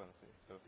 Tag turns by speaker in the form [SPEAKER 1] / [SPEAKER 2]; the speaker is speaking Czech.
[SPEAKER 1] Wednesday.